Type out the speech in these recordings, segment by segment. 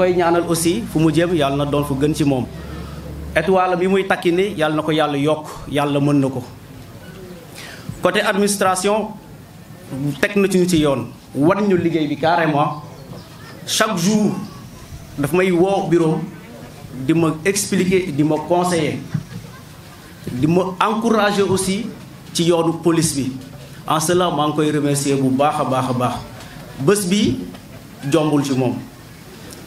koy ñaanal aussi fu mu jëm yàlla na doon fu gën ci moom étoile bi muy takki ni yàlla na ko yàlla yokk yàlla mën na ko côté administration teg na ci ñu ci yoon war ñu liggéey bi carrément chaque jour daf may woo bureau di ma expliquer di ma conseiller di ma encourager aussi ci yoonu police bi en cela maa ngi koy remercier bu baax a baax a baax bés bi jombul ci moom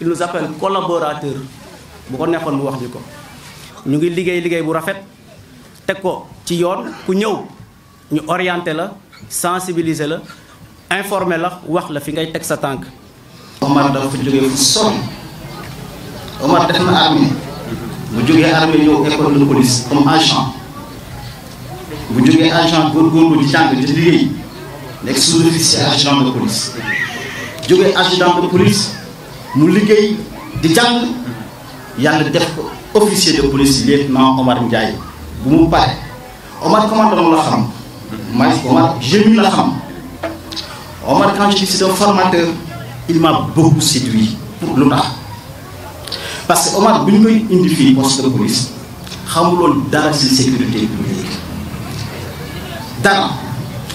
il nous appelle collaborateur bu ko neexoon mu wax ñu ko ñu ngi liggéey liggéey bu rafet teg ko ci yoon ku ñëw ñu orienter la sensibiliser la informer la wax la fi ngay teg sa tànk Omar dafa fa jógee fu sonn Omar def na armée bu jógee armée ñëw école de police comme agent bu jógee agent góorgóorlu di jàng di liggéey nekk sous-officier agent de police jógee agent de police mu liggéey di jang yàlla def officier de police lieutenant Omar Ndiaye bu mu pare Omar commandant la xam mais Omar génie la xam Omar quand je suis un formateur il m'a beaucoup séduit pour lu tax parce que Omar bu ñu koy indi poste de police xamulone dara ci sécurité publique dara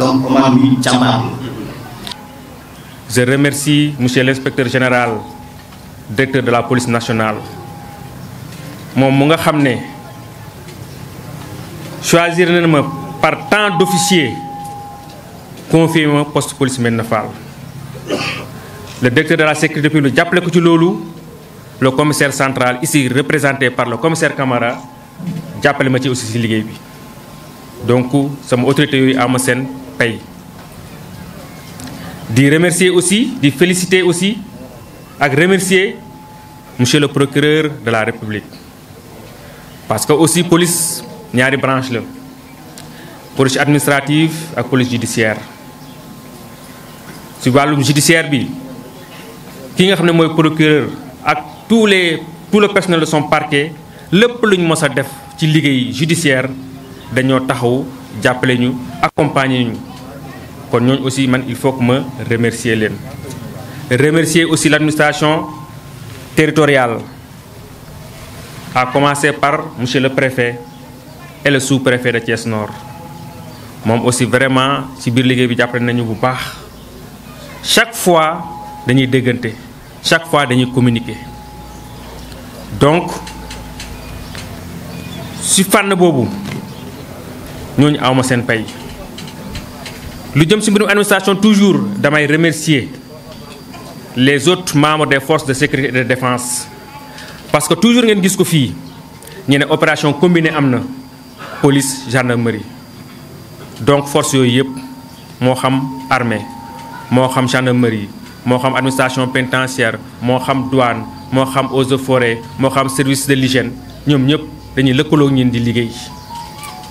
Donc, Je remercie Monsieur l'inspecteur général, directeur de la police nationale. Mon mon Khamne, choisir par tant d'officiers, confier mon poste police Le directeur de la sécurité publique, Diaple le commissaire central, ici représenté par le commissaire Camara, Diaple Métier aussi Donc, c'est mon autorité à Mosen paye. remercier aussi, de féliciter aussi, à remercier Monsieur le procureur de la République. Parce que aussi police, il y a des branches Police administrative et police judiciaire. Si vous judiciaire, qui est le procureur, tous les, tout le personnel de son parquet, le plus de judiciaire dañoo taxaw jàppale accompagner aussi il faut que je remercier remercie remercier aussi l'administration territoriale à commencer par M. le préfet et le sous-préfet de Thiès Nord moi aussi vraiment si vous liggéey bi je vous bu chaque fois nous déggante chaque fois nous communiquer donc ci fànn boobu nous avons un pays lu jëm administration toujours remercié remercier les autres membres des forces de sécurité et de défense parce que toujours ngeen gis ko y a une opération combinée am police, police gendarmerie donc force forces yëpp moo xam armée gendarmerie moo administration pénitentiaire moo douane moo xam eaux service de l'hygiène Nous ñëpp dañuy lëkkaloo ñeen di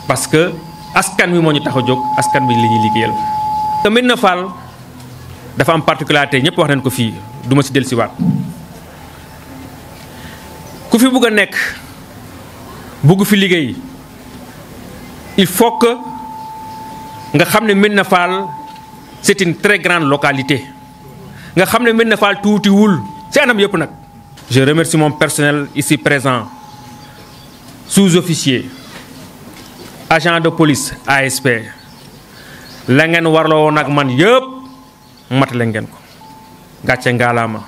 parce que askan wi moñu taxo jog askan bi liñu le Médina Fall dafa am particularité ñëpp wax nañ ko fii du ma si dellusiwaat ku fi bugg a nekk bugg fi ici, il faut que nga xam que Médina Fall c'est une très grande localité nga xam ne Médina Fall tuutiwul si anam yëpp nag. je remercie mon personnel ici présent sous officier agent de police ASP. la ngeen warloo woon ak man yëpp matale ngeen ko gàcce ngaalaama